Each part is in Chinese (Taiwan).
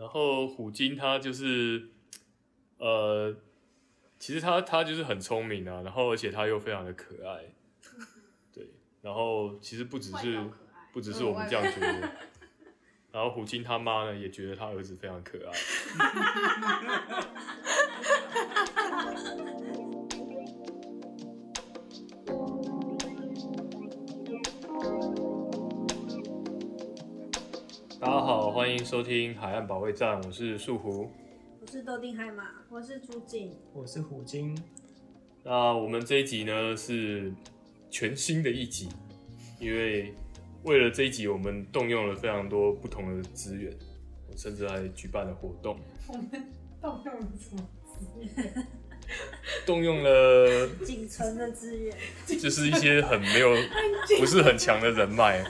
然後虎鯨它就是，呃，其實它它就是很聰明啊，然後而且它又非常的可愛，對，然後其實不只是不只是我們這樣覺得，外面 然後虎鯨他媽呢也覺得他兒子非常可愛。 歡迎收聽《海岸保衛戰》，我是樹胡，我是豆丁海馬，我是朱景，我是虎鯨。那我們這一集呢是全新的一集，因為為了這一集，我們動用了非常多不同的資源，我甚至還舉辦了活動。我們 動用了什麼資源？動用了僅存的資源，就是一些很沒有、不是很強的人脈。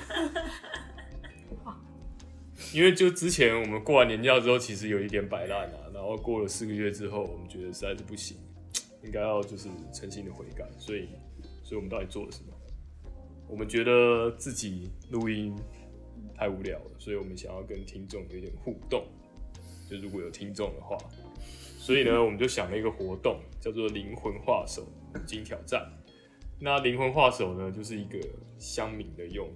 因為就之前我們過完年假之後，其實有一點擺爛啊，然後過了四個月之後，我們覺得實在是不行，應該要就是誠心的悔改，所以，所以我們到底做了什麼？我們覺得自己錄音太無聊了，所以我們想要跟聽眾有一點互動，就如果有聽眾的話，所以呢，我們就想了一個活動，叫做“靈魂畫手”金挑戰。那“靈魂畫手”呢，就是一個鄉民的用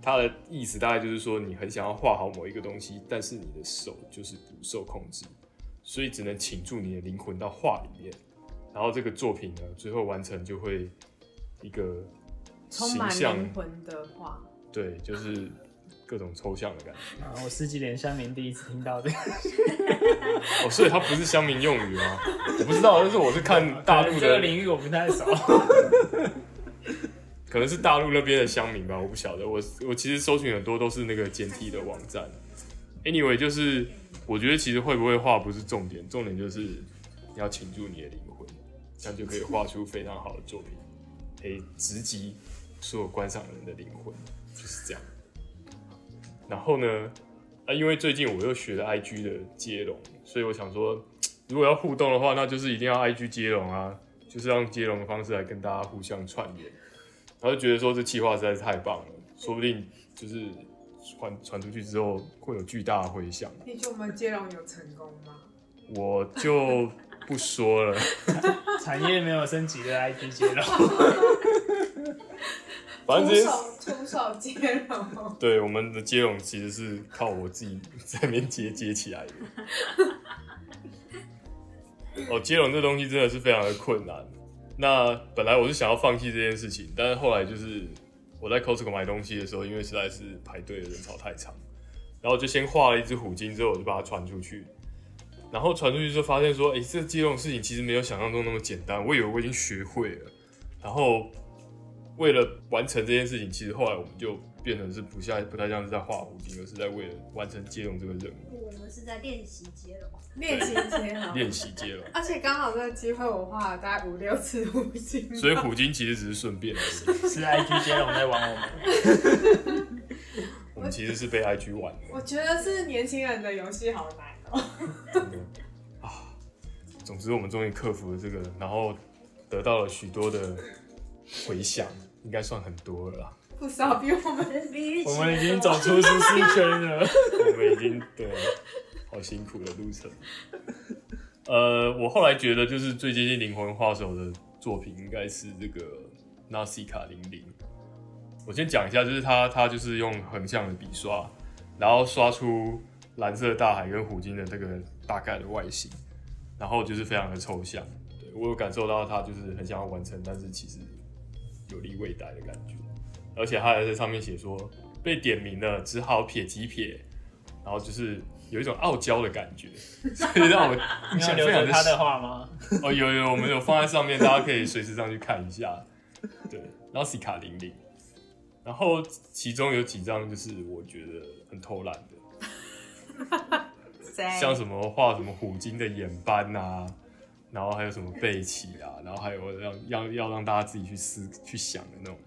他的意思大概就是說，你很想要畫好某一個東西，但是你的手就是不受控制，所以只能傾注你的靈魂到畫裡面，然後這個作品呢，最後完成就會一個形象靈魂的畫。對，就是各種抽象的感覺。啊，我十幾年鄉民第一次聽到的。 哦，所以它不是鄉民用語嗎？我不知道，但是我是看大陸的領域，這個我不太熟。 可能是大陸那邊的鄉民吧，我不曉得。我我其實搜尋很多都是那個簡體的網站。Anyway，就是我覺得其實會不會畫不是重點，重點就是你要擒住你的靈魂，這樣就可以畫出非常好的作品，可、欸、以直擊所有觀賞人的靈魂，就是這樣。然後呢，啊，因為最近我又學了 IG 的接龍，所以我想說，如果要互動的話，那就是一定要 IG 接龍啊，就是讓接龍的方式來跟大家互相串聯。他就覺得說這企劃實在是太棒了，對說不定就是傳傳出去之後會有巨大的回響。你覺得我們接龍有成功嗎？我就不說了， 產業沒有升級的 IP 接龍。融 反正徒手，手接龍，對，我們的接龍其實是靠我自己在那邊接接起來的。 哦，接龍這東西真的是非常的困難。那本來我是想要放棄這件事情，但是後來就是我在 Costco 買東西的時候，因為實在是排隊的人潮太長，然後就先畫了一隻虎鯨，之後我就把它傳出去。然後傳出去就發現說，哎、欸，這這種事情其實沒有想象中那麼簡單。我以為我已經學會了，然後為了完成這件事情，其實後來我們就。變得是不像，不太像是在畫虎鯨，而是在為了完成接龍這個任務。我們是在練習接龍，練習對 接龍，練習接龍。而且剛好這個機會我畫，我畫了大概五六次虎鯨，所以虎鯨其實只是順便而已。 是 IG 接龍在玩，玩 我們。我們其實是被 IG 玩的。我覺得是年輕人的遊戲好難哦、喔。 啊，總之我們終於克服了這個，然後得到了許多的回響， 應該算很多了啦。不少比我們，我們已經走出舒適圈了。我們已經對，好辛苦的路程。呃，我後來覺得，就是最接近靈魂畫手的作品，應該是這個納西卡零零。我先講一下，就是他，他就是用橫向的筆刷，然後刷出藍色大海跟虎鯨的這個大概的外形，然後就是非常的抽象。對，我有感受到，他就是很想要完成，但是其實有力未逮的感覺。而且他還在上面寫說被點名了只好撇幾撇，然後就是有一種傲嬌的感覺。 所以讓我，要 留享他的話嗎？ 哦，有有，我們有放在上面， 大家可以隨時上去看一下。對，然後 Cica 玲玲然後其中有幾張就是我覺得很偷懶的， 像什麼畫什麼虎鯨的眼斑吶啊，然後還有什麼背鰭啊，然後還有讓要要讓大家自己去思去想的那種。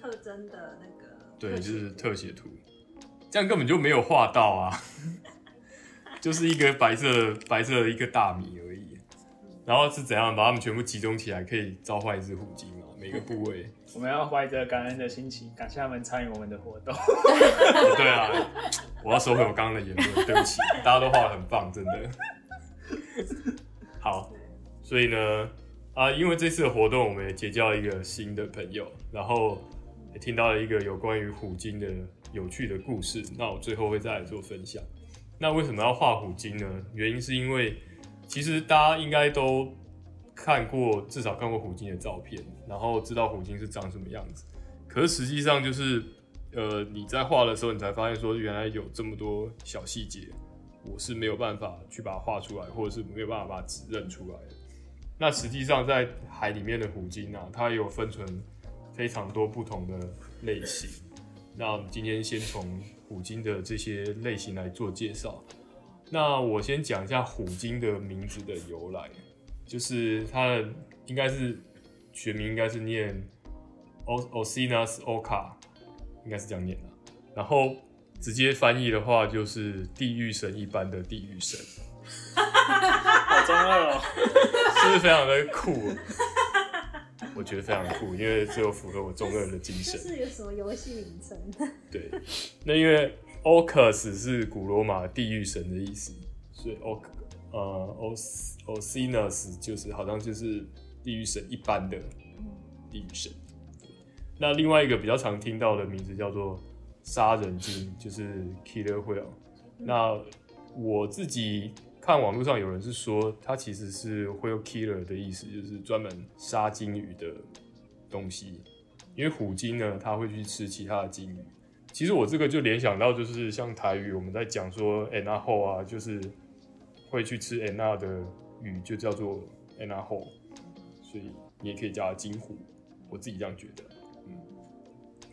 特徵的那個對，就是特寫圖，這樣根本就沒有畫到啊， 就是一個白色白色的一個大米而已，然後是怎樣把它們全部集中起來，可以召喚一隻虎鯨嘛？每個部位， 我們要懷着感恩的心情，感謝他們參與我們的活動。 欸、對啊，我要收回我剛剛的言論，對不起，大家都畫得很棒，真的。好，的所以呢，啊，因為這次的活動，我們也結交了一個新的朋友，然後。聽到了一個有關於虎鯨的有趣的故事，那我最後會再來做分享。那為什麼要畫虎鯨呢？原因是因為其實大家應該都看過，至少看過虎鯨的照片，然後知道虎鯨是長什麼樣子。可是實際上就是，呃，你在畫的時候，你才發現說原來有這麼多小細節，我是沒有辦法去把它畫出來，或者是沒有辦法把它指認出來的。那實際上在海裡面的虎鯨呢、啊，它也有分成。非常多不同的類型，那我們今天先從虎鯨的這些類型來做介紹。那我先講一下虎鯨的名字的由來，就是它的應該是學名應該是念 Orcinus orca 應該是這樣念的。然後直接翻譯的話就是地獄神一般的地獄神， 好中二哦，是不是非常的酷喔？ 我覺得非常酷，因為最後符合我中二的精神。是有什麼遊戲名稱？ 對，那因為 Orcus 是古羅馬地獄神的意思，所以 Orc 啊、呃、Orcinus 就是好像就是地獄神一般的地獄神。嗯、那另外一個比較常聽到的名字叫做殺人精，就是 Killer Whale。嗯、那我自己。看網絡上有人是說，它其實是會有 killer 的意思，就是專門殺鯨魚的東西。因為虎鯨呢，它會去吃其他的鯨魚。其實我這個就聯想到，就是像台語我們在講說，誒那後啊，就是會去吃誒那的魚，就叫做誒那後，所以你也可以叫它金虎。我自己這樣覺得，嗯。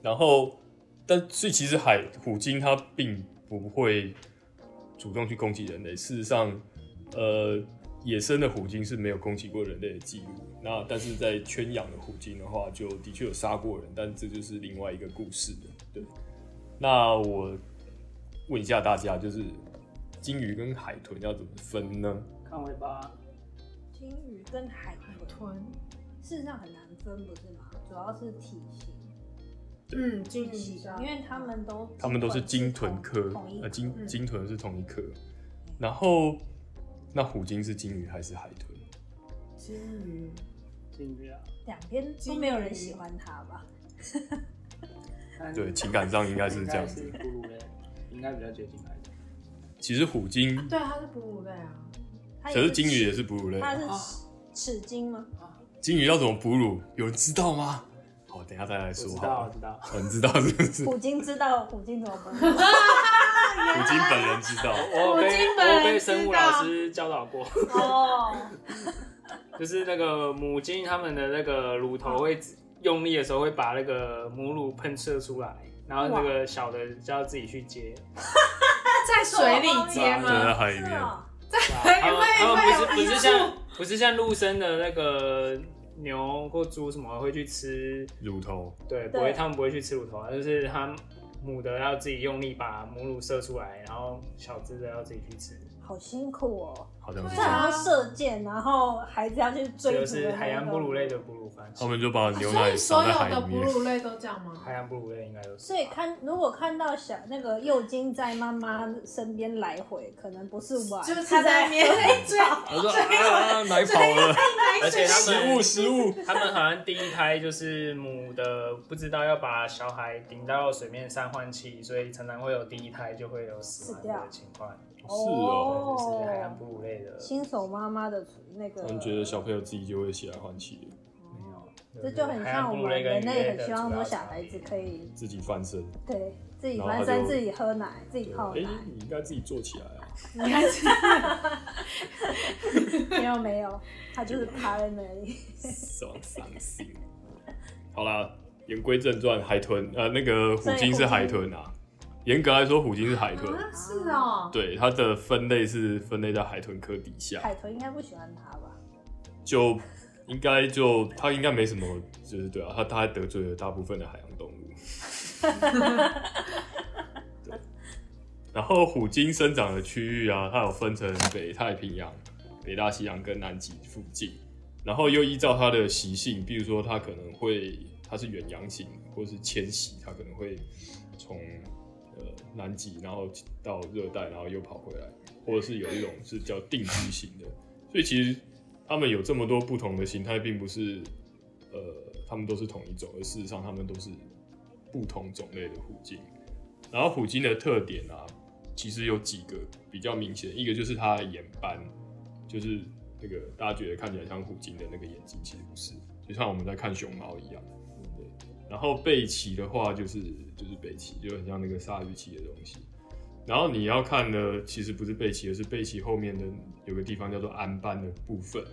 然後，但所以其實海虎鯨它並不會。主動去攻擊人類，事實上，呃，野生的虎鯨是沒有攻擊過人類的記錄。那但是在圈養的虎鯨的話，就的確有殺過人，但這就是另外一個故事了。對，那我問一下大家，就是鯨魚跟海豚要怎麼分呢？看尾巴。鯨魚跟海豚，事實上很難分，不是嗎？主要是體型。嗯，鯨魚因為他們都，他們都是鯨豚科，啊，鯨鯨豚是同一科，然後那虎鯨是鯨魚還是海豚？鯨魚，鯨魚啊，兩邊都沒有人喜歡它吧？對，情感上應該是這樣，哺乳類應該比較接近。其實虎鯨，對，它是哺乳類啊，可是鯨魚也是哺乳類，它是齒鯨嗎？鯨魚要怎麼哺乳？有人知道嗎？哦，等下再來說，好，知道，我知道，不是虎鯨知道，虎鯨怎麼不？虎鯨本人知道，我被我被生物老師教導過。哦，就是那個母鯨他們的那個乳頭會用力的時候會把那個母乳噴射出來，然後那個小的就要自己去接。在水裡接嗎？在海裡面？他們他們不是不是像不是像陸生的那個。牛或豬什麼的會去吃乳頭？對，不會，對他們不會去吃乳頭啊，就是他母的要自己用力把母乳射出來，然後小只的要自己去吃。好辛苦哦，不是還要射箭，然後孩子要去追逐。就是海洋哺乳類的哺乳方式，我們就把牛奶刷在海面。所以所有的哺乳類都這樣嗎？海洋哺乳類應該都是。所以看，如果看到小那個幼鯨在媽媽身邊來回，可能不是玩，就是他在面。追追跑了。而且食物食物，他們好像第一胎就是母的不知道要把小孩頂到水面上換氣，所以常常會有第一胎就會有死掉的情況。是哦、喔，就是海洋哺乳類的。新手媽媽的那個，我們覺得小朋友自己就會起來換氣。沒有、嗯，嗯、這就很像我們人類很希望多小孩子可以自己翻身。對，自己翻身，自己喝奶，自己泡奶。你應該自己坐起來啊！沒有沒有，他就是趴在那裡。好傷心。好了，言歸正傳，海豚呃，那個虎鯨是海豚啊。嚴格來說，虎鯨是海豚，啊、是哦、喔，對，它的分類是分類在海豚科底下。海豚應該不喜歡它吧？就應該就它應該沒什麼，就是對啊，它它得罪了大部分的海洋動物。 對，然後虎鯨生長的區域啊，它有分成北太平洋、北大西洋跟南極附近。然後又依照它的習性，比如說它可能會，它是遠洋型或是遷徙，它可能會從。南極，然後到熱帶，然後又跑回來，或者是有一種是叫定居型的。所以其實它們有這麼多不同的形態，並不是呃它們都是同一種，而事實上它們都是不同種類的虎鯨。然後虎鯨的特點啊，其實有幾個比較明顯，一個就是它的眼斑，就是那個大家覺得看起來像虎鯨的那個眼睛，其實不是，就像我們在看熊貓一樣。然後背鰭的話，就是，就是就是背鰭，就很像那個鯊魚鰭的東西。然後你要看的其實不是背鰭，而是背鰭後面的有個地方叫做鞍斑的部分，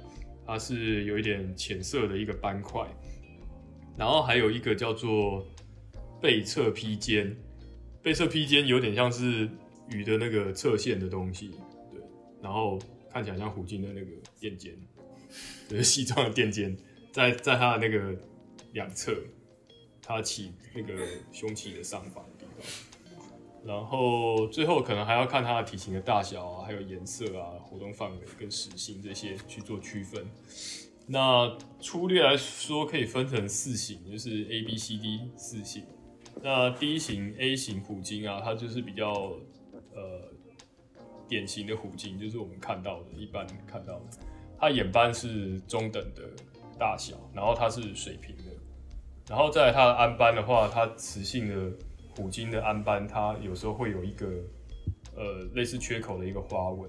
它是有一點淺色的一個斑塊。然後還有一個叫做背側披肩，背側披肩有點像是魚的那個側線的東西，對。然後看起來像虎鯨的那個墊肩，就是西裝的墊肩，在在它的那個兩側。它起那個胸鰭的上方，然後最後可能還要看它的體型的大小啊，還有顏色啊、活動範圍跟食性這些去做區分。那粗略來說可以分成四型，就是 A、B、C、D 四型。那 D 型、A 型虎鯨啊，它就是比較呃典型的虎鯨，就是我們看到的，一般看到的，它眼斑是中等的大小，然後它是水平。然後在它的鞍斑的話，它雌性的虎鯨的鞍斑，它有時候會有一個呃類似缺口的一個花紋。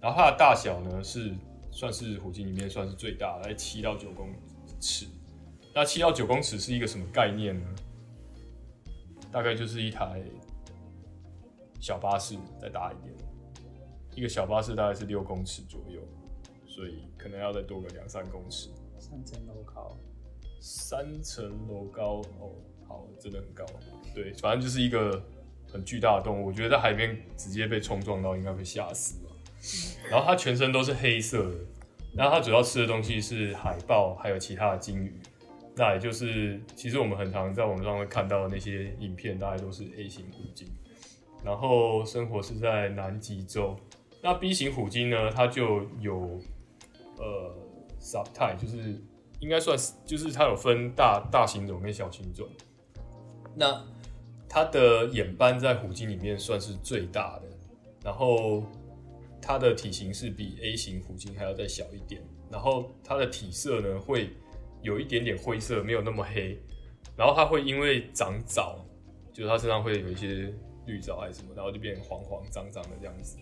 然後它的大小呢是算是虎鯨裡面算是最大的，七到九公尺。那七到九公尺是一個什麼概念呢？大概就是一台小巴士再大一點，一個小巴士大概是六公尺左右，所以可能要再多個兩三公尺。三層樓高。三層樓高哦，好，真的很高。對，反正就是一個很巨大的動物。我覺得在海邊直接被衝撞到，應該會嚇死。 然後它全身都是黑色的，那它主要吃的東西是海豹，還有其他的鯨魚。那也就是，其實我們很常在網上會看到的那些影片，大概都是 A 型虎鯨。然後生活是在南極洲。那 B 型虎鯨呢？它就有呃 subtype 就是。應該算是，就是它有分大大型種跟小型種。那它的眼斑在虎鯨裡面算是最大的，然後它的體型是比 A 型虎鯨還要再小一點，然後它的體色呢會有一點點灰色，沒有那麼黑，然後它會因為長藻，就是它身上會有一些綠藻還是什麼，然後就變黃黃髒髒的這樣子。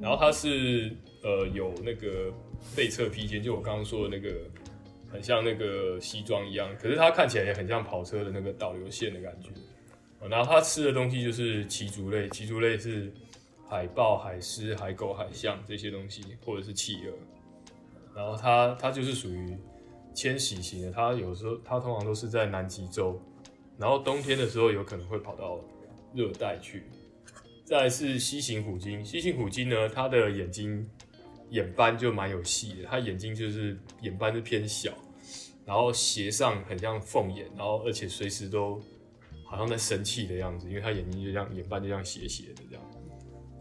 然後它是呃有那個背側披肩，就我剛剛說的那個。很像那個西裝一樣，可是它看起來也很像跑車的那個導流線的感覺。然後它吃的東西就是鰭足類，鰭足類是海豹、海獅、海狗、海象這些東西，或者是企鵝。然後它它就是屬於遷徙型的，它有時候它通常都是在南極洲，然後冬天的時候有可能會跑到熱帶去。再來是西行虎鯨，西行虎鯨呢，它的眼睛。眼斑就蠻有戲的，他眼睛就是眼斑是偏小，然後斜上很像鳳眼，然後而且隨時都好像在生氣的樣子，因為他眼睛就像眼斑就像斜斜的這樣，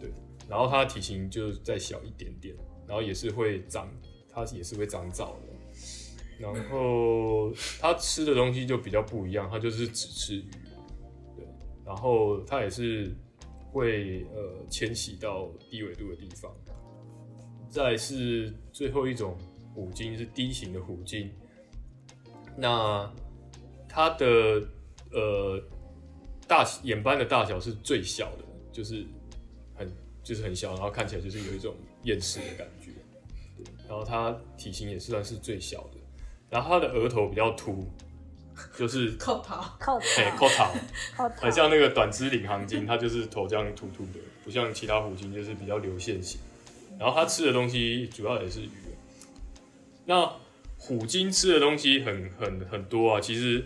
對。然後它體型就再小一點點，然後也是會長，它也是會長藻的。然後它吃的東西就比較不一樣，它就是只吃魚，對。然後它也是會呃遷徙到低緯度的地方。再是最後一種虎鯨是 D 型的虎鯨，那它的呃大眼斑的大小是最小的，就是很就是很小，然後看起來就是有一種厭世的感覺，然後它體型也算是最小的，然後它的額頭比較凸，就是靠頭靠頭，靠靠頭很像那個短肢領航鯨，它就是頭這樣凸凸的，不像其他虎鯨就是比較流線型。然後它吃的東西主要也是魚。那虎鯨吃的東西很很很多啊，其實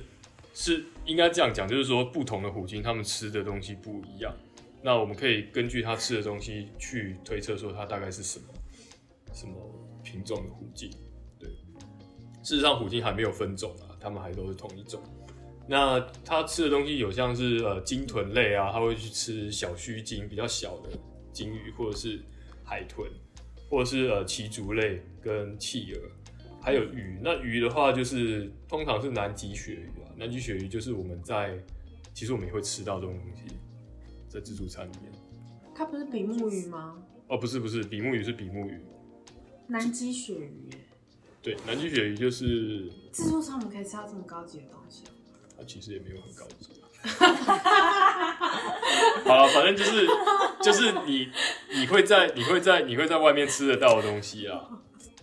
是應該這樣講，就是說不同的虎鯨它們吃的東西不一樣。那我們可以根據它吃的東西去推測說它大概是什麼什麼品種的虎鯨。對，事實上虎鯨還沒有分種啊，它們還都是同一種。那它吃的東西有像是呃鯨豚類啊，它會去吃小須鯨，比較小的鯨魚或者是。海豚，或者是呃鰭足類跟企鵝，還有魚。那魚的話，就是通常是南極鱈魚啊。南極鱈魚就是我們在，其實我們也會吃到這種東西，在自助餐裡面。它不是比目魚嗎？哦，不是不是，比目魚是比目魚。南極鱈魚。對，南極鱈魚就是。自助餐我們可以吃到這麼高級的東西嗎？它、啊、其實也沒有很高級。 好了，反正就是就是你你會在你會在你會在外面吃得到的東西啊。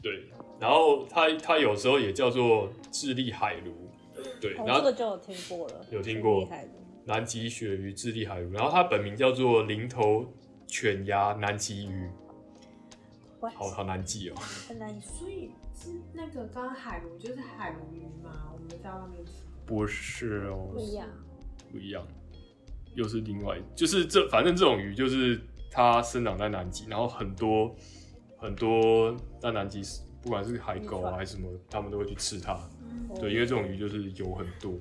對，然後它它有時候也叫做智利海鱸，對，哦、然後這個就有聽過了，有聽過。南極鱈魚、智利海鱸，然後它本名叫做零頭犬牙南極魚，What? 好好難記哦、喔。所以是那個剛剛海鱸就是海鱸魚嗎？我們在外面吃。不是哦、喔，不一不一樣，又是另外，就是這反正這種魚就是它生長在南極，然後很多很多在南極，不管是海狗啊還是什麼，他們都會去吃它。對，因為這種魚就是油很多。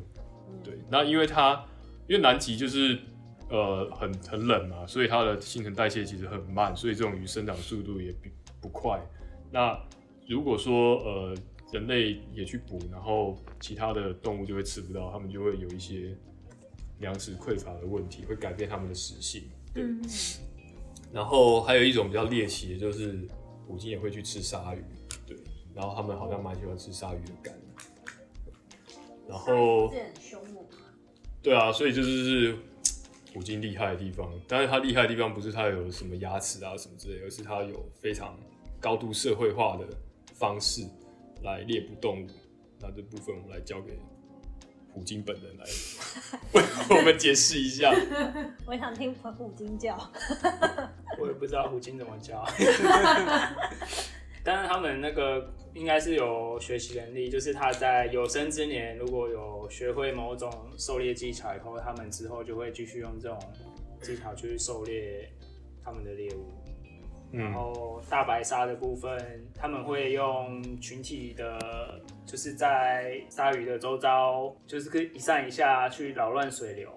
對，那因為它因為南極就是呃很很冷嘛、啊，所以它的新陳代謝其實很慢，所以這種魚生長速度也並不快。那如果說呃人類也去捕，然後其他的動物就會吃不到，他們就會有一些。糧食匱乏的問題，會改變他們的食性。對。嗯哼。然後還有一種比較獵奇的，就是虎鯨也會去吃鯊魚。對，然後他們好像蠻喜歡吃鯊魚的肝。然後。對啊，所以這就是虎鯨厲害的地方。但是它厲害的地方不是它有什麼牙齒啊什麼之類，而是它有非常高度社會化的方式來獵捕動物。那這部分我們來交給。虎鯨本人來，我 我們解釋一下。我想聽虎鯨叫。 我也不知道虎鯨怎麼叫。 但是他們那個應該是有學習能力，就是他在有生之年如果有學會某種狩獵技巧以後，他們之後就會繼續用這種技巧去狩獵他們的獵物。嗯、然後大白鯊的部分，他們會用群體的，就是在鯊魚的周遭，就是可以一上一下去擾亂水流，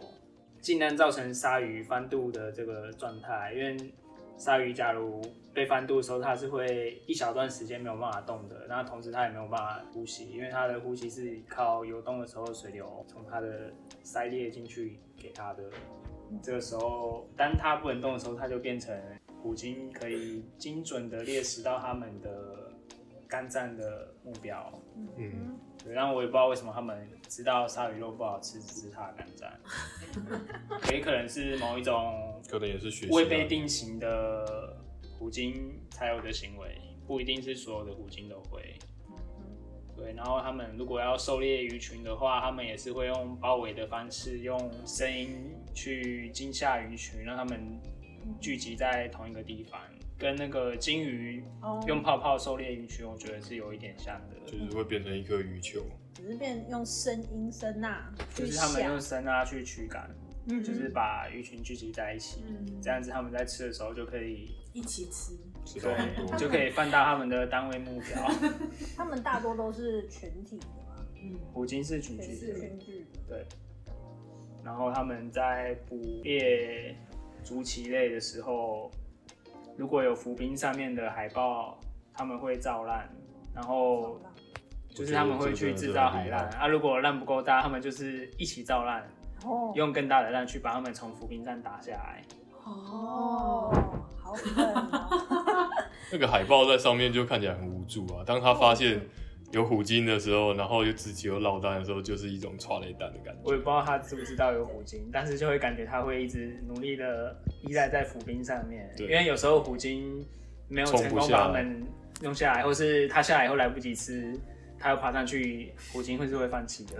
盡量造成鯊魚翻肚的這個狀態。因為鯊魚假如被翻肚的時候，它是會一小段時間沒有辦法動的，那同時它也沒有辦法呼吸，因為它的呼吸是靠游動的時候的水流從它的鰓裂進去給它的。這個時候，當它不能動的時候，它就變成。虎鯨可以精準的獵食到他們的肝臟的目標，嗯哼對，但我也不知道為什麼他們知道鯊魚肉不好吃，只是它的肝臟，也、嗯、可能是某一種可能也是未被定型的虎鯨才有的行為，不一定是所有的虎鯨都會。嗯、哼對，然後他們如果要狩獵魚群的話，他們也是會用包圍的方式，用聲音去驚嚇魚群，讓他們。聚集在同一個地方，跟那個鯨魚用泡泡狩獵魚群，我覺得是有一點像的。就是會變成一顆魚球。只是變用聲音聲呐，就是他們用聲呐去驅趕，就是把魚群聚集在一起。這樣子他們在吃的時候就可以一起吃，吃就可以放大他們的單位目標。他們大多都是群體的嘛，嗯，虎鯨是群體，對。然後他們在捕獵。竹棋類的時候，如果有浮冰上面的海豹，他們會造浪，然後就是他們會去製造海浪啊。如果浪不夠大，他們就是一起造浪，哦、用更大的浪去把他們從浮冰上打下來。哦，好狠啊！ 那個海豹在上面就看起來很無助啊。當他發現。有虎鯨的時候，然後又自己有落單的時候，就是一種抓雷蛋的感覺。我也不知道他知不知道有虎鯨，但是就會感覺他會一直努力的依賴在浮冰上面，對因為有時候虎鯨沒有成功把它們弄下來，或是它下來以後來不及吃，它又爬上去，虎鯨會是會放棄的。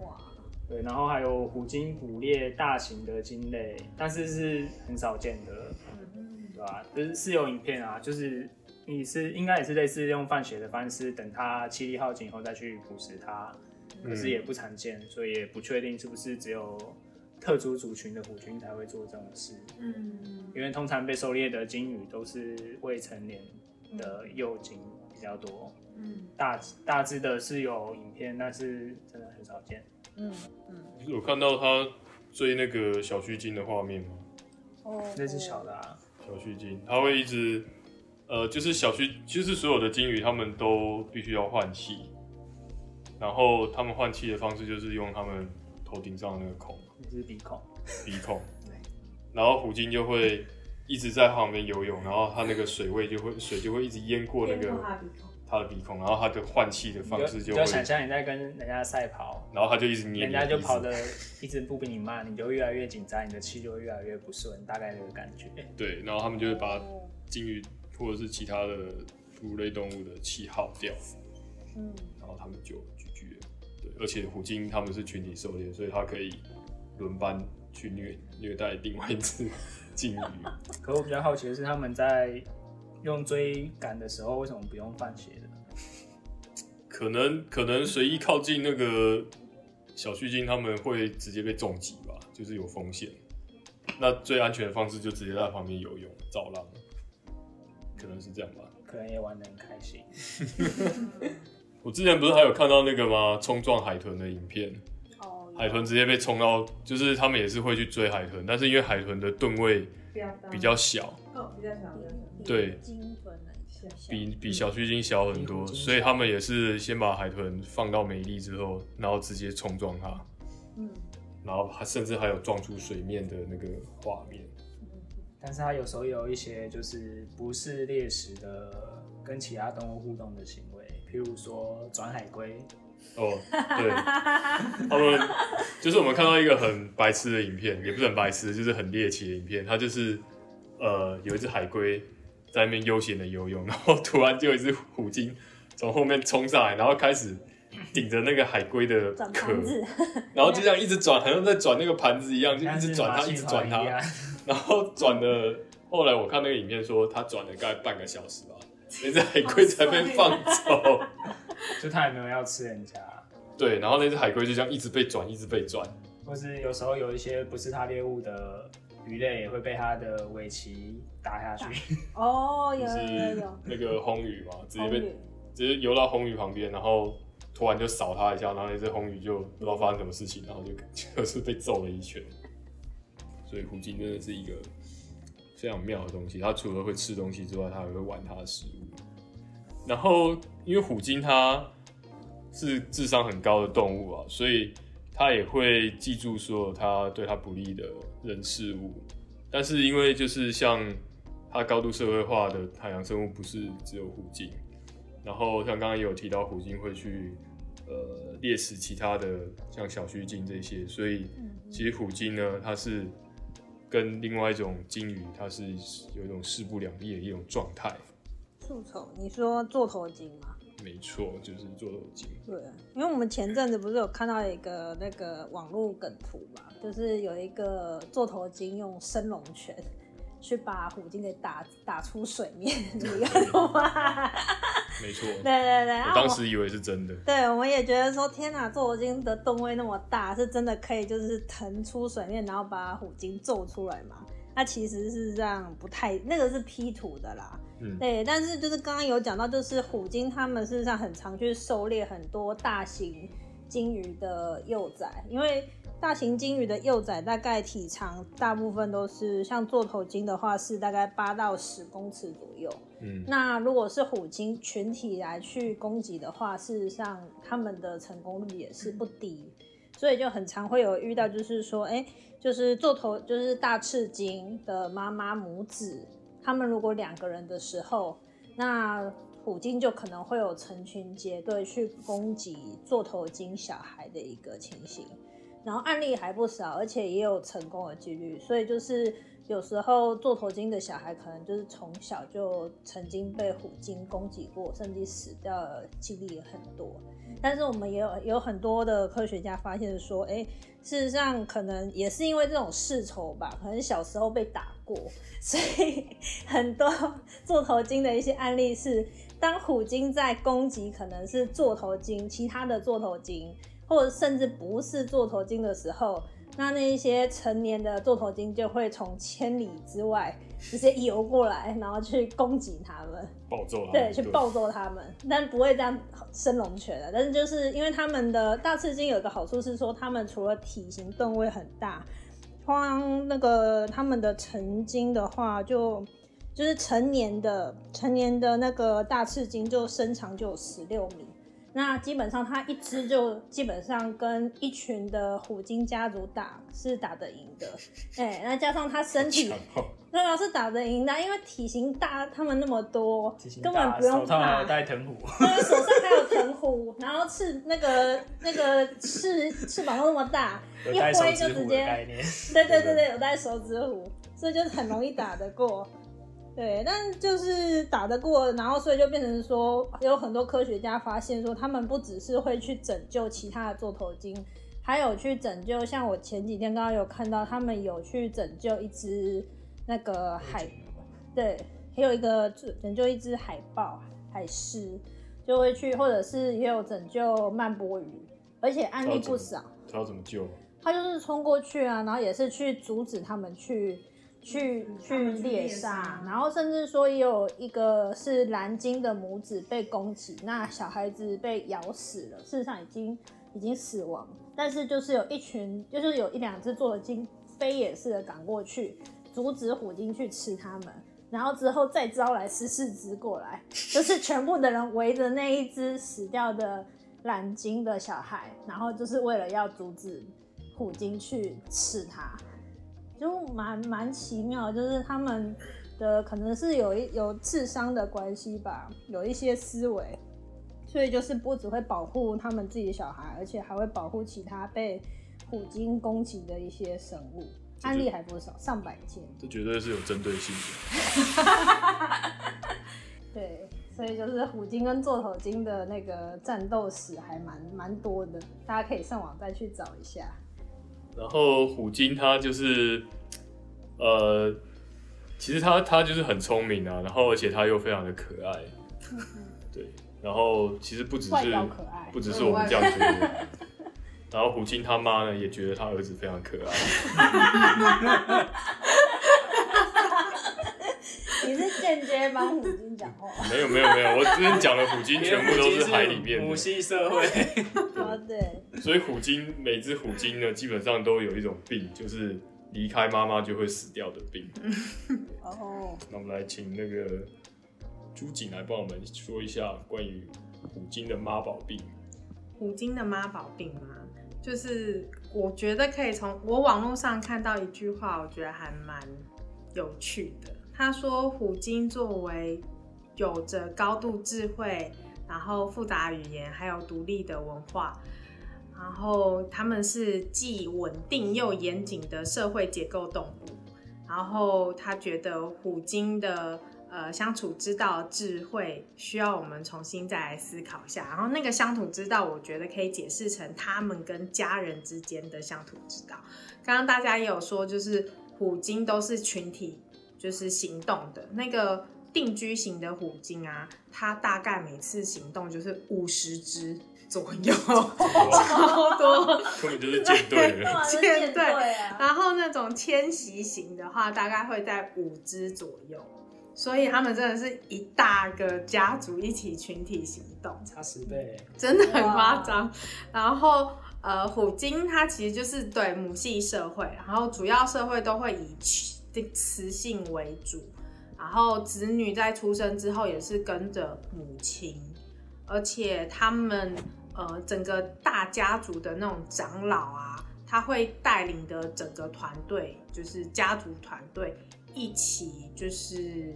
哇！ 對，然後還有虎鯨捕獵大型的鯨類，但是是很少見的，嗯嗯對吧、啊？就是是有影片啊，就是。你是應該也是類似用放血的方式，等它氣力耗盡以後，再去捕食它，嗯、可是也不常見，所以也不確定是不是只有特殊族群的虎鯨才會做這種事。嗯，嗯，因為通常被狩獵的鯨魚都是未成年的幼鯨比較多。嗯，大大致的是有影片，但是真的很少見。嗯、有、嗯、看到它追那個小須鯨的畫面嗎？哦，oh, oh. 那是小的啊，小須鯨，它會一直。呃，就是小區，其實就是所有的鯨魚他們都必須要換氣，然後他們換氣的方式就是用他們頭頂上的那個孔，就是鼻孔，鼻孔，對。然後虎鯨就會一直在旁邊游泳，然後它那個水位就會水就會一直淹過那個它的鼻孔，然後它的換氣的方式就會就，就想象你在跟人家賽跑，然後他就一直捏人家就跑的一直不比你慢，你就越來越緊張，你的氣就越來越不順，大概這個感覺。對，然後他們就會把鯨魚。或者是其他的哺乳類動物的氣耗掉，嗯，然後他們就拒絕。對，而且虎鯨他們是群體狩獵，所以他可以輪班去虐，虐待另外一只鯨魚。可我比較好奇的是，他們在用追趕的時候，為什麼不用放血的？可能可能隨意靠近那個小鬚鯨，他們會直接被重擊吧，就是有風險。那最安全的方式就直接在旁邊游泳造浪。可能是這樣吧，可能也玩得很開心。 我之前不是還有看到那個嗎？衝撞海豚的影片，oh, yeah. 海豚直接被衝到，就是他們也是會去追海豚，但是因為海豚的噸位比較小，比較小，對，比比小鬚鯨小很多，嗯，所以他們也是先把海豚放到美麗之後，然後直接衝撞它，嗯，然後還甚至還有撞出水面的那個畫面。但是它有時候有一些就是不是獵食的跟其他動物互動的行為，譬如說轉海龜。哦，對，他們 就是我們看到一個很白痴的影片，也不是很白痴，就是很獵奇的影片。它就是呃，有一隻海龜在那邊悠閒的游泳，然後突然就有一隻虎鯨從後面衝上來，然後開始頂着那個海龜的殼，盤 然後就這樣一直轉，好像在轉那個盤子一樣，就一直轉它，一直轉它。然後轉了，後來我看那個影片，說，他轉了大概半個小時吧，那只海龜才被放走， 就他也沒有要吃人家、啊。對，然後那只海龜就這樣一直被轉，一直被轉。或是有時候有一些不是他獵物的魚類也會被他的尾鰭打下去。哦、啊，有有有那個魟魚嘛，直接被魚直接游到魟魚旁邊，然後突然就掃他一下，然後那只魟魚就不知道發生什麼事情，然後就就是被揍了一拳。所以虎鯨真的是一個非常妙的東西，它除了會吃東西之外，它還會玩它的食物。然後，因為虎鯨它是智商很高的動物啊，所以它也會記住所有它對它不利的人事物。但是，因為就是像它高度社會化的海洋生物，不是只有虎鯨。然後，像剛剛也有提到，虎鯨會去呃獵食其他的像小鬚鯨這些，所以其實虎鯨呢，它是。跟另外一種鯨魚，它是有一種勢不兩立的一種狀態。復頭，你說座頭鯨嗎？沒錯，就是座頭鯨。對，因為我們前陣子不是有看到一個那個網絡梗圖嘛，就是有一個座頭鯨用升龍拳去把虎鯨給打打出水面 對，這個 沒錯， 對對對，我當時以為是真的，啊、對，我們也覺得說，對天哪、啊，座頭鯨的動位那麼大，嗯、是真的可以就是騰出水面，然後把虎鯨揍出來嘛？那、啊、其實是這樣，不太那個是 P 圖的啦。嗯，對，但是就是剛剛有講到，就是虎鯨它們事實上很常去狩獵很多大型鯨魚的幼崽，因為。大型鯨魚的幼崽大概體長，大部分都是像座頭鯨的話是大概八到十公尺左右。嗯，那如果是虎鯨群體來去攻擊的話，事實上他們的成功率也是不低，所以就很常會有遇到，就是說，誒、欸、就是座頭，就是大翅鯨的媽媽母子，他們如果兩個人的時候，那虎鯨就可能會有成群結隊去攻擊座頭鯨小孩的一個情形。然後案例還不少，而且也有成功的幾率，所以就是有時候座頭鯨的小孩可能就是從小就曾經被虎鯨攻擊過，甚至死掉的幾率也很多。但是我們也有有很多的科學家發現說，哎，事實上可能也是因為這種世仇吧，可能小時候被打過，所以很多座頭鯨的一些案例是當虎鯨在攻擊可能是座頭鯨，其他的座頭鯨。或者甚至不是座頭鯨的時候，那那一些成年的座頭鯨就會從千里之外直接游過來，然後去攻擊他們，暴揍他對，對，去暴揍他們，但不會這樣生龍拳的。但是就是因為他們的大翅鯨有個好處是說，它們除了體型噸位很大，通常那個他們的成鯨的話就，就就是成年的成年的那個大翅鯨，就身長就有十六米。那基本上它一隻就基本上跟一群的虎鯨家族打是打得贏的，哎、欸，那加上他身體，那老、喔、是，是，是打得贏的，因為體型大，他們那麼多，體型大根本不用他們。手上還有帶藤壺。對，手上還有藤壺，虎 然後翅那個那個翅翅膀又那麼大，一揮就直接。對對對對，有帶手指虎，所以就很容易打得過。 對，但就是打得過，然後所以就變成說，有很多科學家發現說，他們不只是會去拯救其他的座頭鯨，還有去拯救，像我前幾天剛剛有看到，他們有去拯救一隻那個海，對，還有一個拯救一隻海豹、海獅，就會去，或者是也有拯救曼波魚，而且案例不少。他要怎麼，他要怎麼救？他就是衝過去啊，然後也是去阻止他們去。去去獵殺，然後甚至說也有一個是藍鯨的母子被攻擊，那小孩子被咬死了，事實上已經已經死亡。但是就是有一群，就是有一兩隻座頭鯨，飛也似的趕過去，阻止虎鯨去吃他們。然後之後再招來十四隻過來，就是全部的人圍着那一隻死掉的藍鯨的小孩，然後就是為了要阻止虎鯨去吃它。就蠻蠻奇妙，就是他們的可能是有一有智商的關係吧，有一些思維，所以就是不只會保護他們自己的小孩，而且還會保護其他被虎鯨攻擊的一些生物，就案例還不少，上百件。這絕對是有針對性的。 對，所以就是虎鯨跟座頭鯨的那個戰鬥史還蠻蠻多的，大家可以上網再去找一下。然後虎鯨他就是，呃，其實他他就是很聰明啊，然後而且他又非常的可愛，嗯、哼對，然後其實不只是不只是我們這樣覺得，然後虎鯨他媽呢也覺得他兒子非常可愛。 你是間接幫虎鯨講話？ 沒？沒有沒有沒有，我之前講的虎鯨全部都是海裡面的虎母系社會。啊對。所以虎鯨每隻虎鯨呢，基本上都有一種病，就是離開媽媽就會死掉的病。哦。 那我們來請那個朱瑾來幫我們說一下關於虎鯨的媽寶病。虎鯨的媽寶病嗎？就是我覺得可以從我網絡上看到一句話，我覺得還蠻有趣的。他說，虎鯨作為有着高度智慧，然後複雜語言，還有獨立的文化，然後他們是既穩定又嚴謹的社會結構動物。然後他覺得虎鯨的呃相處之道智慧需要我們重新再來思考一下。然後那個相處之道，我覺得可以解釋成他們跟家人之間的相處之道。剛剛大家也有說，就是虎鯨都是群體。就是行動的那個定居型的虎鯨啊，它大概每次行動就是五十隻左右， 超多，根本 就是艦隊艦隊，然後那種遷徙型的話，大概會在五隻左右。所以他們真的是一大個家族一起群體行動，差十倍，真的很誇張。Wow 然後，呃，虎鯨它其實就是對母系社會，然後主要社會都會以。雌性為主，然後子女在出生之後也是跟着母親，而且他們呃整個大家族的那種長老啊，他會帶領著整個團隊，就是家族團隊一起就是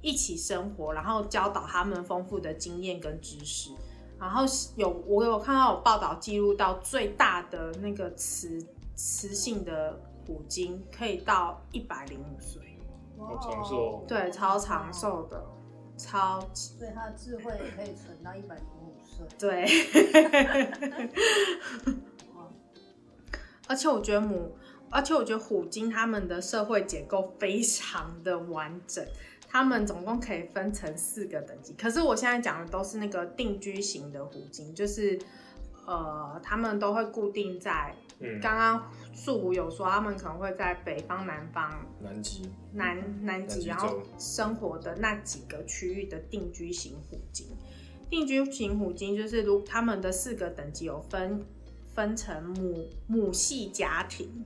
一起生活，然後教導他們豐富的經驗跟知識，然後有我有看到有報道記錄到最大的那個雌雌性的。虎鯨可以到一百零五歲，好、wow, 長壽，對，超長壽的，Wow. 超，所以它的智慧也可以存到一百零五歲。對，而且我覺得母，而且我覺得虎鯨他們的社會結構非常的完整，他們總共可以分成四個等級。可是我現在講的都是那個定居型的虎鯨，就是呃，他們都會固定在。嗯，剛剛素有說，他們可能會在北方、南方、南極極、南南極極，南然後生活的那幾個區域的定居型虎鯨。定居型虎鯨就是，如他們的四個等級有分，分成母母系家庭，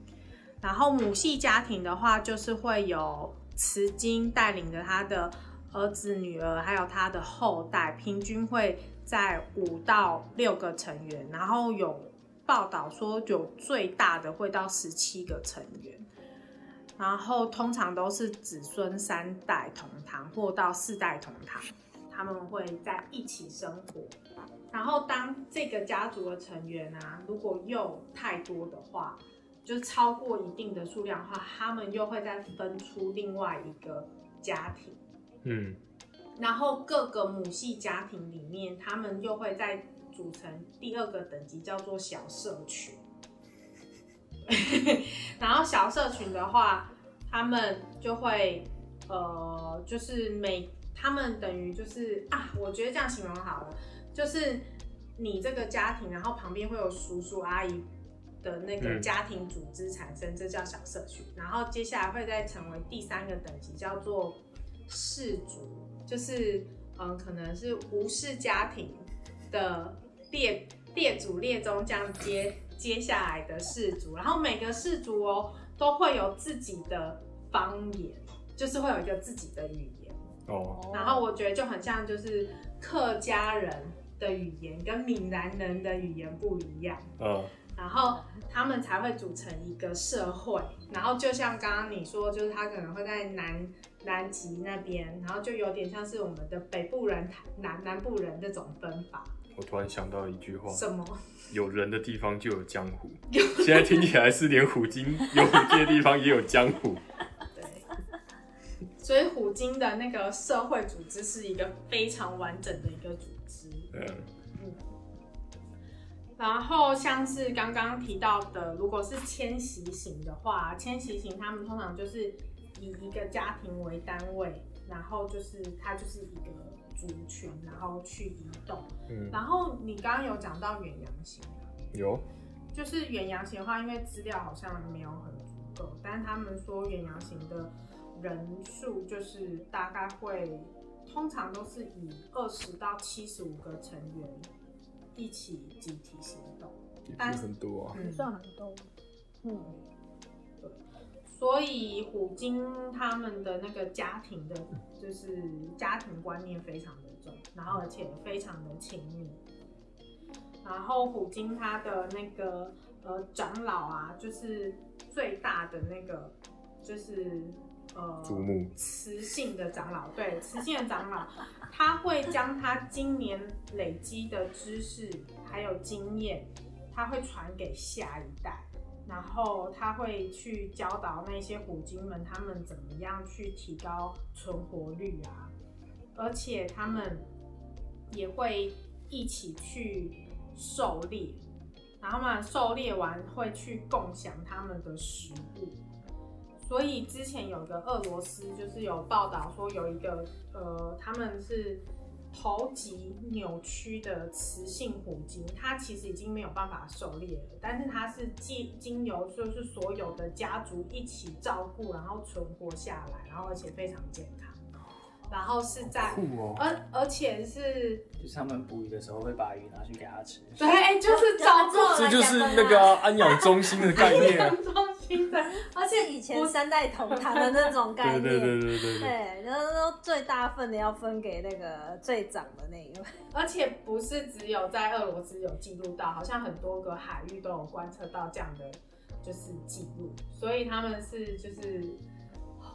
然後母系家庭的話，就是會有雌鯨帶領着他的兒子、女兒，還有他的後代，平均會在五到六個成員，然後有。報道說，有最大的會到十七個成員，然後通常都是子孫三代同堂，或到四代同堂，他們會在一起生活。然後，當這個家族的成員啊，如果又有太多的話，就超過一定的數量的話，他們又會再分出另外一個家庭。嗯，然後各個母系家庭裡面，他們又會在。組成第二個等級叫做小社群， 然後小社群的話，他們就會呃，就是每他們等於就是啊，我覺得這樣形容好了，就是你這個家庭，然後旁邊會有叔叔阿姨的那個家庭組織產生，嗯、這叫小社群。然後接下來會再成為第三個等級叫做氏族，就是嗯，可能是無視家庭的。列列祖列宗，這樣接接下來的氏族，然後每個氏族哦都會有自己的方言，就是會有一個自己的語言哦。Oh. 然後我覺得就很像就是客家人的語言跟閩南人的語言不一樣。嗯。Oh. 然後他們才會組成一個社會，然後就像剛剛你說，就是他可能會在南南極那邊，然後就有點像是我們的北部人南南部人那種分法。我突然想到一句話：什麼？有人的地方就有江湖。 現在聽起來是連虎鯨，有虎鯨的地方也有江湖。 對，所以虎鯨的那個社會組織是一個非常完整的一個組織。嗯，嗯，然後像是剛剛提到的，如果是遷徙型的話，遷徙型他們通常就是以一個家庭為單位，然後就是他就是一個。主權，然後去移動。嗯，然後你剛剛有講到遠洋型有，就是遠洋型的話，因為資料好像沒有很足夠，但他們說遠洋型的人數就是大概會，通常都是以二十到七十五個成員一起集體行動，但很多、啊，嗯、算很多，嗯，對。所以虎鯨他們的那個家庭的，就是家庭觀念非常的重，然後而且非常的親密。然後虎鯨它的那個呃長老啊，就是最大的那個，就是呃主母，雌性的長老，對雌性的長老，他會將他今年累積的知識還有經驗，他會傳給下一代。然後他會去教導那些虎鯨們，他們怎麼樣去提高存活率啊，而且他們也會一起去狩獵，然後嘛，狩獵完會去共享他們的食物。所以之前有個俄羅斯，就是有報道說有一個呃，他們是。頭脊扭曲的雌性虎鯨，它其實已經沒有辦法狩獵了，但是它是經經由就是所有的家族一起照顧，然後存活下來，然後而且非常健康。然後是在，喔、而而且是，就是他們捕魚的時候會把魚拿去給他吃，對，就是這麼做，這就是那個、啊、 安養中心的概念、啊， 安養中心的，而且以前三代同堂的那種概念，我對，對對對對對，然後、就是、最大份的要分給那個最長的那個，而且不是只有在俄羅斯有記錄到，好像很多個海域都有觀測到這樣的就是記錄，所以他們是就是。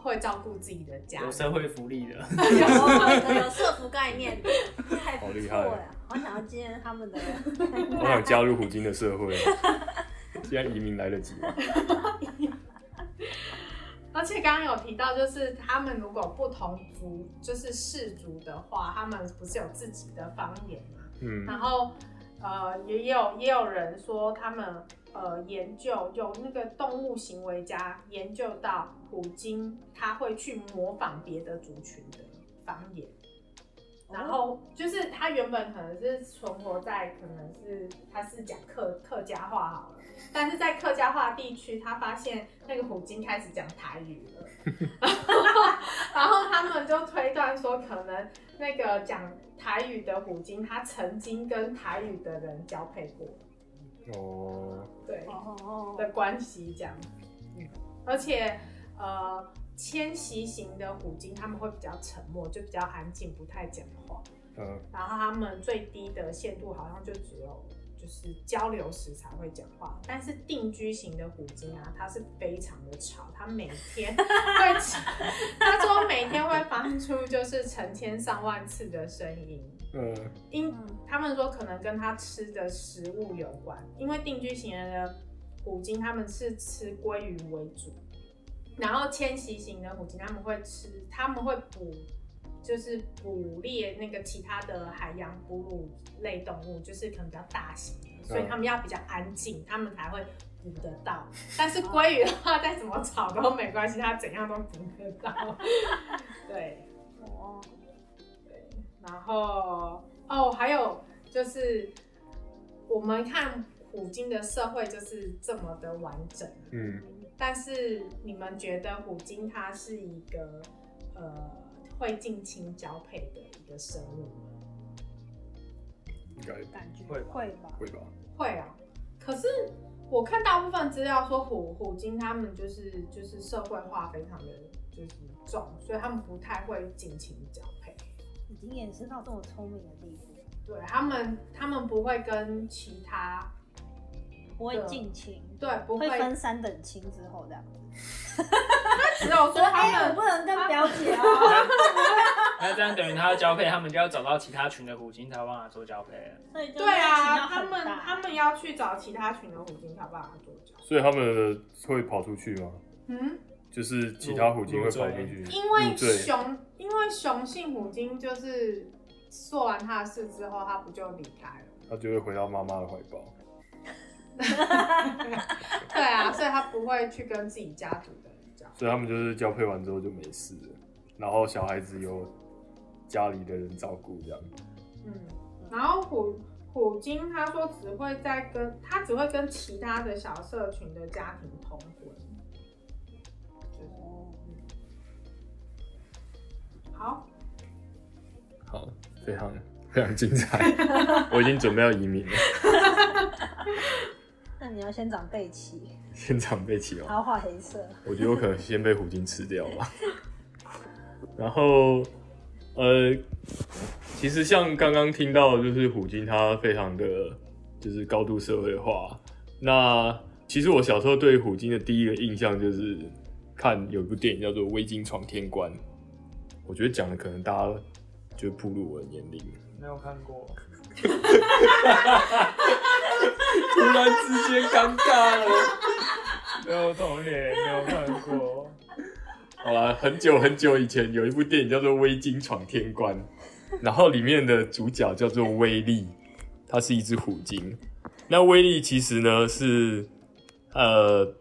會照顧自己的家，有社會福利的，有有社福概念的，太好厲害了！ 好想要今天他們的， 我想加入虎鯨的社會， 現在移民來得及嗎？而且剛剛有提到，就是他們如果不同族，就是氏族的話，他們不是有自己的方言嘛。嗯，然後、呃、也有也有人說他們。呃，研究有那個動物行為家研究到虎鯨，它會去模仿別的族群的方言，然後就是他原本可能是存活在可能是他是講客客家話好了，但是在客家話地區，他發現那個虎鯨開始講台語了， 然後他們就推斷說，可能那個講台語的虎鯨，他曾經跟台語的人交配過。哦，oh. 對，oh, oh, oh, oh. 的關係這樣，嗯，mm. 而且，呃，遷徙型的虎鯨他們會比較沉默，就比較安靜，不太講話，嗯，uh. 然後他們最低的限度好像就只有。就是交流時才會講話，但是定居型的虎鯨啊，它是非常的吵，它每天會， 它說每天會發出就是成千上萬次的聲音。嗯，因他們說可能跟它吃的食物有關，因為定居型的虎鯨它們是吃鮭魚為主，然後遷徙型的虎鯨他們會吃，他們會捕。就是捕獵那個其他的海洋哺乳類動物，就是可能比較大型、嗯、所以他們要比較安靜，他們才會捕得到。但是鮭魚的話，再怎麼吵都沒關係，它怎樣都捕得到。 對， 哦，對。然後哦，還有就是我們看虎鯨的社會就是這麼的完整，嗯。但是你們覺得虎鯨它是一個呃、會近親交配的一個生物。應該感覺會吧，吧會吧，會吧，會啊。可是我看大部分資料說虎，虎虎鯨他們就是就是社會化非常的就是重，所以他們不太會近親交配。已經延伸到這麼聰明的地步，對，他們，他們不會跟其他。不會近親，對，不會分三等親之後這樣。其實我說他們不能跟表姐哦。那這樣等於他交配，他們就要找到其他群的虎鯨才幫他做交配。對啊，他們他們要去找其他群的虎鯨才幫他做交配。所以他們會跑出去嗎？嗯，就是其他虎鯨會跑進去。因為雄因為雄性虎鯨就是做完他的事之後，他不就離開了？他就會回到媽媽的懷抱。 對啊，所以他不會去跟自己家族的人交。所以他們就是交配完之後就沒事了，然後小孩子有家裡的人照顧這樣。嗯，然後虎虎鯨他說只會在跟他只會跟其他的小社群的家庭通婚、就是嗯。好，好，非常非常精彩， 我已經準備要移民了。 那你要先長背鰭，先長背鰭哦。他要畫黑色。 我覺得我可能先被虎鯨吃掉吧。 然後，呃，其實像剛剛聽到的，就是虎鯨它非常的，就是高度社會化。那其實我小時候對虎鯨的第一個印象，就是看有一部電影叫做《威鯨闖天關》，我覺得講的可能大家就暴露我的年齡，沒有看過。 突然之間尷尬了，沒有童年，沒有看過。好了，很久很久以前，有一部電影叫做《威鯨闖天關》，然後裡面的主角叫做威利，它是一隻虎鯨。那威利其實呢是，呃，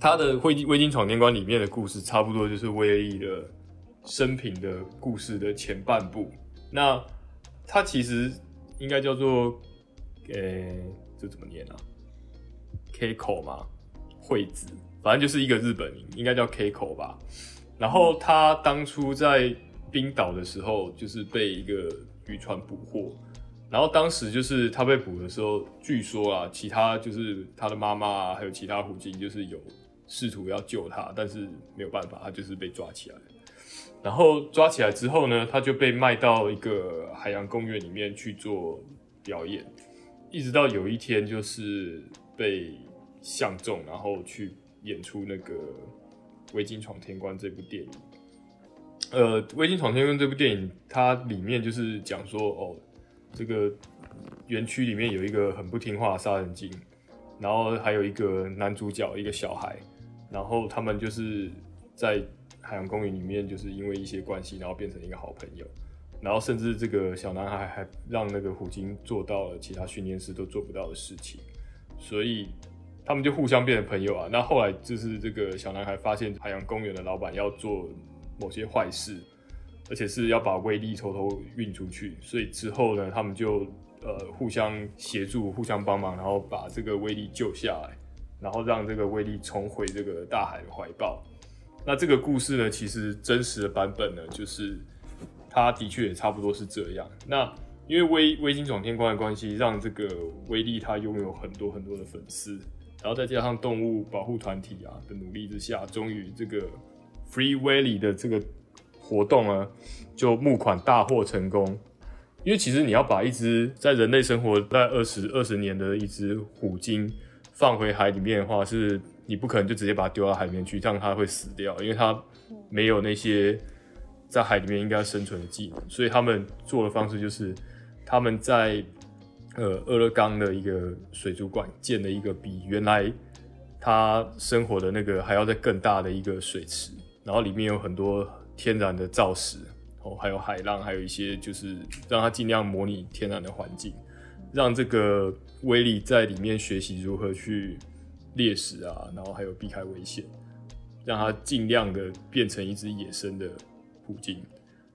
它的《威威鯨闖天關》裡面的故事，差不多就是威力的生平的故事的前半部。那它其實。應該叫做，呃、欸，這怎麼念啊？Kiko 嗎，惠子？反正就是一個日本名，應該叫 Kiko 吧。然後他當初在冰島的時候，就是被一個漁船捕獲，然後當時就是他被捕的時候，據說啊，其他就是他的媽媽啊，還有其他虎鯨，就是有試圖要救他，但是沒有辦法，他就是被抓起來了然後抓起來之後呢，他就被賣到一個海洋公園裡面去做表演，一直到有一天就是被相中，然後去演出那個《威鯨闖天關》這部電影。呃，《威鯨闖天關》這部電影，它裡面就是講說，哦，這個園區裡面有一個很不聽話的殺人鯨，然後還有一個男主角，一個小孩，然後他們就是在。海洋公園裡面，就是因為一些關係，然後變成一個好朋友，然後甚至這個小男孩還讓那個虎鯨做到了其他訓練師都做不到的事情，所以他們就互相變成朋友啊。那後來就是這個小男孩發現海洋公園的老闆要做某些壞事，而且是要把威力偷偷運出去，所以之後呢，他們就呃互相協助、互相幫忙，然後把這個威力救下來，然後讓這個威力重回這個大海的懷抱。那這個故事呢，其實真實的版本呢，就是它的確也差不多是這樣。那因為威威鯨闖天關的關係，讓這個威利它擁有很多很多的粉絲，然後再加上動物保護團體啊的努力之下，終於這個 Free Willy 的這個活動啊，就募款大獲成功。因為其實你要把一隻在人類生活在二十二十年的一隻虎鯨放回海裡面的話是。你不可能就直接把它丟到海面去，這樣它會死掉，因為它沒有那些在海裡面應該生存的技能。所以他們做的方式就是，他們在呃俄勒岡的一個水族館建了一個比原來它生活的那個還要再更大的一個水池，然後裡面有很多天然的礁石，哦，還有海浪，還有一些就是讓它盡量模擬天然的環境，讓這個威利在裡面學習如何去。獵食啊，然後還有避開危險，讓它儘量的變成一隻野生的虎鯨。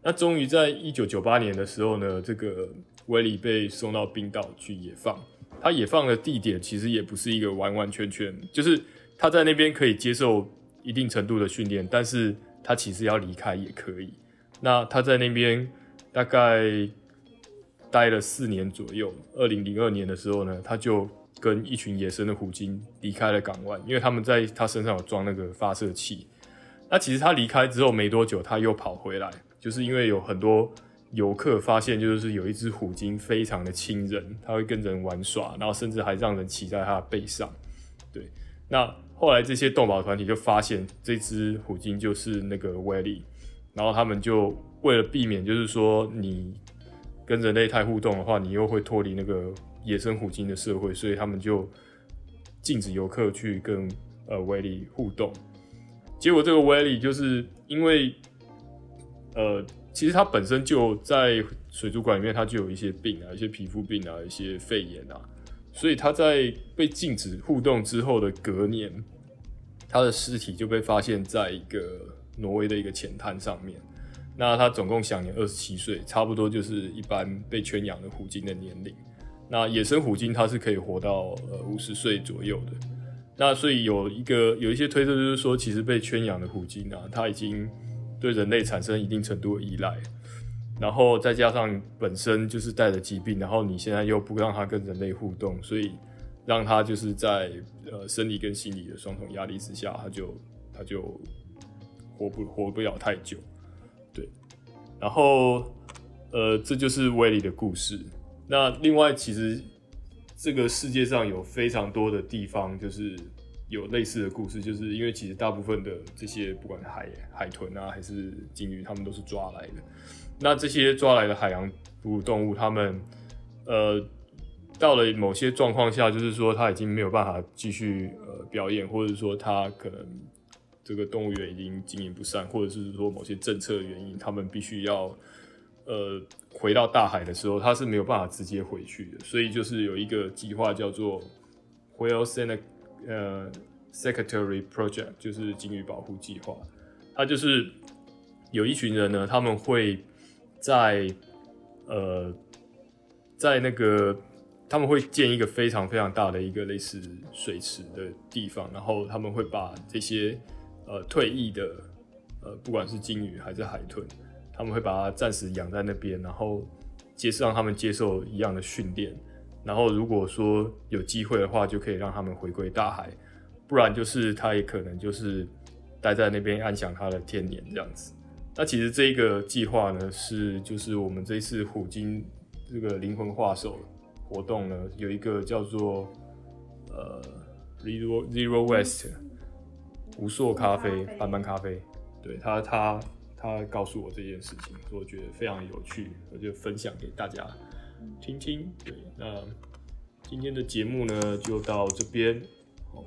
那終於在一九九八年的時候呢，這個威利被送到冰島去野放。它野放的地點其實也不是一個完完全全，就是它在那邊可以接受一定程度的訓練，但是它其實要離開也可以。那它在那邊大概待了四年左右，二零零二年的時候呢，它就。跟一群野生的虎鯨離開了港灣，因為他們在他身上有裝那個發射器。那其實他離開之後沒多久，他又跑回來，就是因為有很多遊客發現，就是有一隻虎鯨非常的親人，他會跟人玩耍，然後甚至還讓人騎在它的背上。對，那後來這些動保團體就發現這隻虎鯨就是那個 Willy，然後他們就為了避免，就是說你跟人類太互動的話，你又會脫離那個。野生虎鯨的社會，所以他們就禁止遊客去跟呃威利互動。結果這個威利就是因為呃，其實它本身就在水族館裡面，它就有一些病啊，一些皮膚病啊，一些肺炎啊。所以它在被禁止互動之後的隔年，它的屍體就被發現在一個挪威的一個淺灘上面。那它總共享年二十七歲，差不多就是一般被圈養的虎鯨的年齡。那野生虎鯨它是可以活到呃五十歲左右的，那所以有一個有一些推測就是說，其實被圈養的虎鯨啊，它已經對人類產生一定程度的依賴，然後再加上本身就是帶着疾病，然後你現在又不讓它跟人類互動，所以讓它就是在呃生理跟心理的雙重壓力之下，它就它就活不活不了太久，對，然後呃這就是威力的故事。那另外，其實這個世界上有非常多的地方，就是有類似的故事，就是因為其實大部分的這些不管是海海豚啊，還是鯨魚，他們都是抓來的。那這些抓來的海洋哺乳動物，他們呃到了某些狀況下，就是說他已經沒有辦法繼續呃表演，或者說他可能這個動物園已經經營不善，或者是說某些政策原因，他們必須要。呃，回到大海的時候，它是沒有辦法直接回去的，所以就是有一個計劃叫做 Whales、well、and a 呃、uh, Secretary Project，就是鯨魚保護計劃。它就是有一群人呢，他們會在，在呃，在那個他們會建一個非常非常大的一個類似水池的地方，然後他們會把這些呃退役的呃不管是鯨魚還是海豚。他們會把它暫時養在那邊，然後接讓他們接受一樣的訓練，然後如果說有機會的話，就可以讓他們回歸大海，不然就是他也可能就是待在那邊安享他的天年這樣子。嗯、那其實這一個計劃呢，是就是我們這一次虎鯨這個靈魂畫手活動呢，有一個叫做呃，Zero Zero West，無塑咖啡、斑斑、嗯、咖啡，嗯、對他他。他他告訴我這件事情，所以我覺得非常有趣，我就分享給大家聽聽。對，那今天的節目呢就到這邊。好，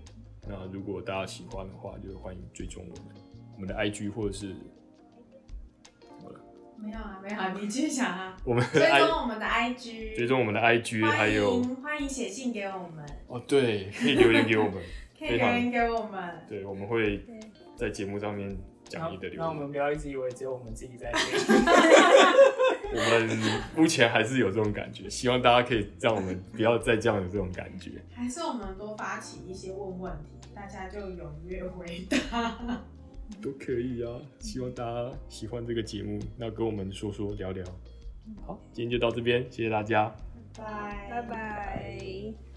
那如果大家喜歡的話，就歡迎追蹤我們，我們的 IG 或者是沒有啊，沒有、啊啊，你去想啊。我們追蹤我們的 IG，追蹤我們的 IG，歡迎，還有，歡迎寫信給我們哦，對，可以留言給我們，可以留言給我們，對，我們會在節目上面。講你的理由，那我們不要一直以為只有我們自己在這裡 我們目前還是有這種感覺，希望大家可以讓我們不要再這樣有這種感覺。還是我們多發起一些問問題，大家就踊躍回答，都可以啊。希望大家喜歡這個節目，那跟我們說說聊聊。嗯、好，今天就到這邊，謝謝大家，拜拜拜拜。拜拜拜拜